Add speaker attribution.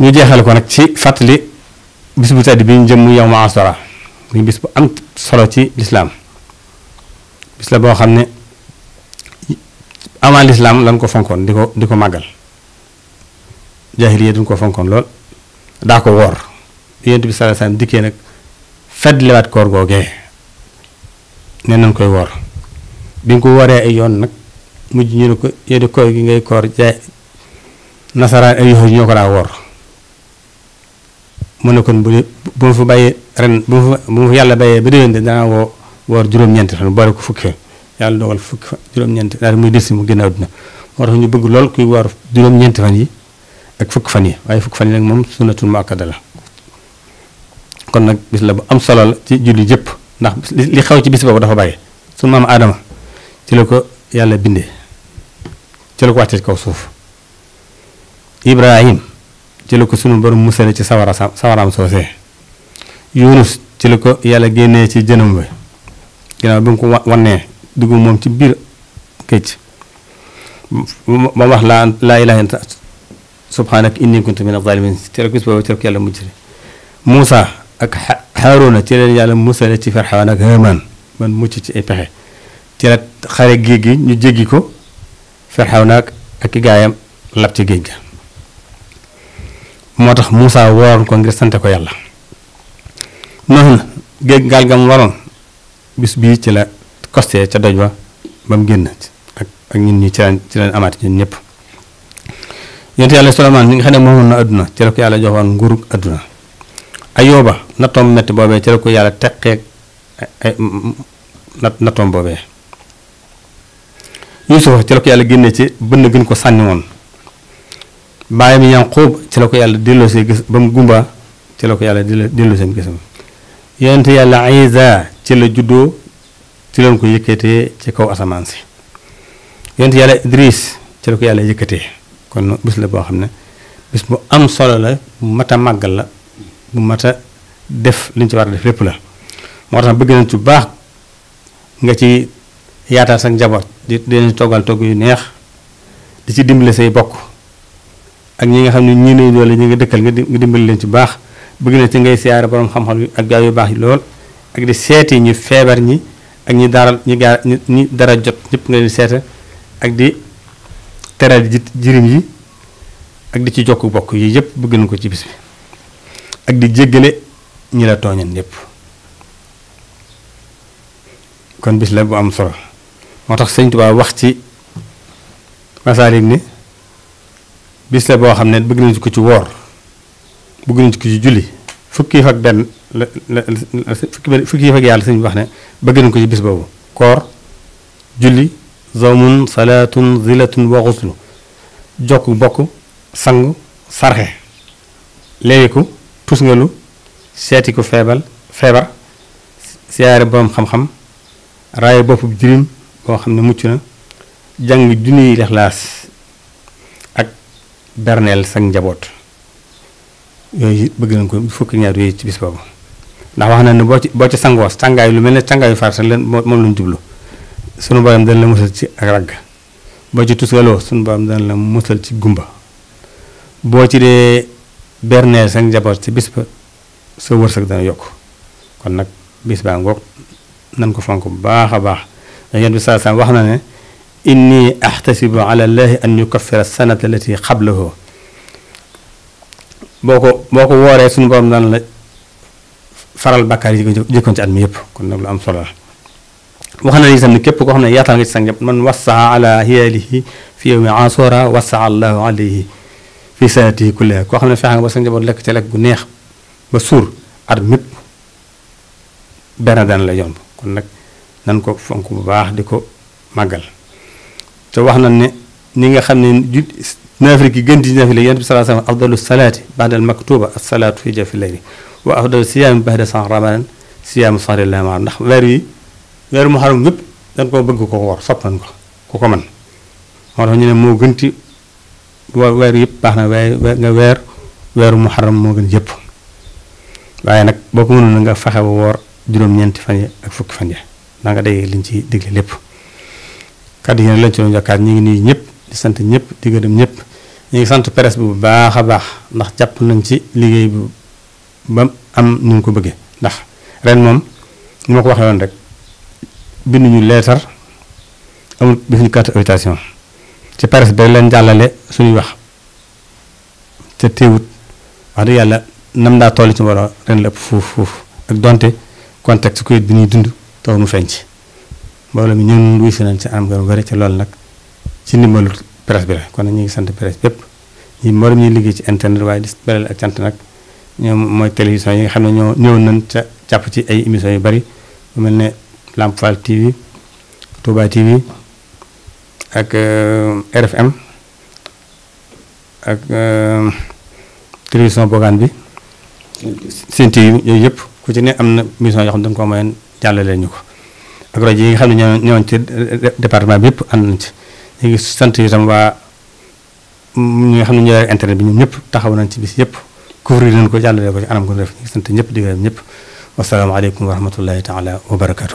Speaker 1: ñu jeexal ko nag ci fàttali bis bu tedd bi ñu jëm mu yawma asura bis bu am solo ci lislaam bis la boo xam ne avant lislaam lañ ko fonkoon di ko di ko màggal jaahiliya duñ ko fonkoon lool daa ko woor yonent bi sallallahu alayhi wasallam dikkee nag fàttaliwaat koor googee ne nañ koy woor bi nga ko wooree ay yoon nag mujj ñu ne ko yéen koor gi ngay koor jaay nasaraan ay yoo ñoo ko daa woor mu ne kon bu dee bu ma fa bàyyee ren bu ma fa bu ma fa yàlla bàyyee ba déwén de danaa woo woor juróom-ñeenti fan boole ko fukki fan yàlla dogal fukki fan juróom-ñeenti daal muy mu génn àdduna moo tax ñu bëgg lool kuy woor juróom-ñeenti yi ak fukki fan yi waaye fukki fan yi nag moom sunnatul muakkada la kon nag bis la bu am solo la ci julli jëpp ndax li xaw ci bis boobu dafa bàyyi sunu maam Aadama ci ko yàlla bindee ci la ko wàccee kaw suuf Ibrahim ci ko sunu borom musale ci sawara sawaraam soosee yunus ci ko yàlla génnee ci jënam bi ginnaaw bi mu ko wannee dugg moom ci biir këcc ba wax laa laa ilaaha illa anta inni kuntu mina zaalimiin ci ko ci la ko yàlla mujj Muusa ak Haaruna ci leen yàlla musale ci Firxawn ak Haamaan mucc ci ay pexe ci xare géej gi ñu jéggi ko Firxawn ak ak i gaayam lab ci géej ga moo tax Moussa waroon ko ngir sante ko yàlla noonu géej gaal ga mu waroon bis bii ci la costee ca doj ba ba mu génn ak ak ñun ñi ci lañ ci lañ amaat ñun ñëpp yonent yàlla Suleymaan mi nga xam ne moomoon na àdduna ci la ko yàlla joxoon nguuru àdduna ayooba nattoom metti boobee ci la ko yàlla teqee ay nattoom boobee yuusufa ci la ko yàlla génnee ci bënn gën ko sànni woon bàyyam Yanqub ci la ko yàlla delloosee gis ba mu gumba ci la ko yàlla delloosee gisam yonent yàlla Isa ci la juddoo ci lañ ko yëkkatee ci kaw asamaan si yonent yàlla Idris ci la ko yàlla yëkkatee kon bis la boo xam ne bis bu am solo la bu mat a màggal la bu mat a def luñ ci war a def lépp la moo tax bëgg nañ ci baax nga ci yaatal sa njaboot di dinañ toggal togg yu neex di ci dimbale say bokk ak ñi nga xam ne ñii nañu doole ñi nga dëkkal nga dimbali leen ci baax bëgg na ci ngay siyaare borom xam-xam yi ak gaay yu baax yi lool ak di seeti ñu feebar ñi ak ñi dara ñi gaa ñi dara jot ñëpp nga di seeta ak di teral ji jirim yi ak di ci jokk bokk yi yëpp bëgg na ko ci bis bi ak di jéggale ñi la tooñan yëpp kon bis la bu am solo moo tax sëñ Tuubaa wax ci masaalik ni bis la boo xam ne bëgg nañ ko ci woor bëgg nañ ko ci julli fukki yëf ak benn la la fukki yëf ak yàlla suñu wax ne bëgg nañ ko ci bis boobu koor julli zawmun salaatun zilatun wa xuslu jokk bokk sangu sarxe léegiku tusngalu seeti ko feebal feebar siyaare borom xam-xam raaye boppub jirim boo xam ne mucc na jàng junniy lexlaas berneel sag njaboot yooyu bëgg nañ ko fukki ñaar yooyu ci bis boobu ndax wax na ne boo ci boo ci sangoor sàngaay lu mel ne sàngaayu faar sax leen moom lañ jublu sunu borom dana la musal ci ak ragg boo ci tusaloo sunu borom dana la ci gumba boo ci dee berneel sag njaboot ci bis ba sa wërsëg dana yokk kon nag bis baa ngoog nan ko fonk bu baax a baax yéen bi saa saa wax na ne inni axtasibu ala llahi an yukaffira sanata allati xablahu boo ko boo ko wooree suñu borom daan la faral bakkaar yi jëkkoon ci at mi yëpp kon nag lu am solo wax na itam ne képp koo xam ne yaatal nga ci man wassaa ala hiyaalihi fi yowmi asora wasaa allahu alayhi fi saatihi xam ne nga ba sa njaboot lekk ci lekk gu neex ba suur at mépp benn daan la yomb kon nag nan ko fonk bu baax di ko màggal te wax nañ ne ni nga xam ne ju naafila gi gën di naafila yonent bi salaa sallam afdalu salaati baada al maktuba asalaatu fi jafi layli wa afdalu siyaami baada san ramadan siyaamu sahri lamaar ndax weer yi weeru muharram yëpp dañ koo bëgg ko war sopp nañ ko ku moo tax ñu ne moo gën ci weer weer weeru muharram moo gën yëpp waaye nag boo ko mënoon nga fexe ba woor juróom-ñeenti fan ak fukki fan yi da nga day ci digle lépp kàddu gi nag lañ ci doon jokkaat ñu ngi nii ñëpp di sant ñëpp di dem ñëpp ñu ngi sant pares bi bu baax a baax ndax jàpp nañ ci liggéey bi ba am nu ko bëggee ndax ren moom ni ma ko waxee woon rek bind ñu leetar amul bi ñu carte invitation ci presse bi leen jàllale suñuy wax te teewut wax dëgg yàlla nam tool toll ci mbooloo ren la ëpp fuuf fuuf ak donte contexte Covid bi ñuy dund taw mu feeñ ci mbooloo mi ñun wuy si nañ ci anam gën bari ci loolu nag ci ndimbalu presse bi la kon ñu ngi sant presse bépp ñi mboolem ñuy liggéey ci internet waaye di beral ak cant nag ñoom mooy télévision yi nga xam ne ñoo ñëw nañ ca jàpp ci ay émissions yu bari mu mel ne Lamp Fall TV Touba TV ak euh, RFM ak euh, télévision bogaan bi seen TV yooyu yëpp ku ci ne am na mission yoo xam ne dañ ko jàllale ñu ko ak rajo yi nga xam ne ñoo ñoo ci département bi yëpp ànd nañ ci ñi ngi sant tam waa ñi nga xam ne ñooy internet bi ñun ñëpp taxaw nañ ci bis yëpp couvrir nañ ko jàllale ko ci anam ko def ñu ngi sant ñëpp di gërëm ñëpp wasalaamaaleykum wa rahmatullahi taala wa barakaatu.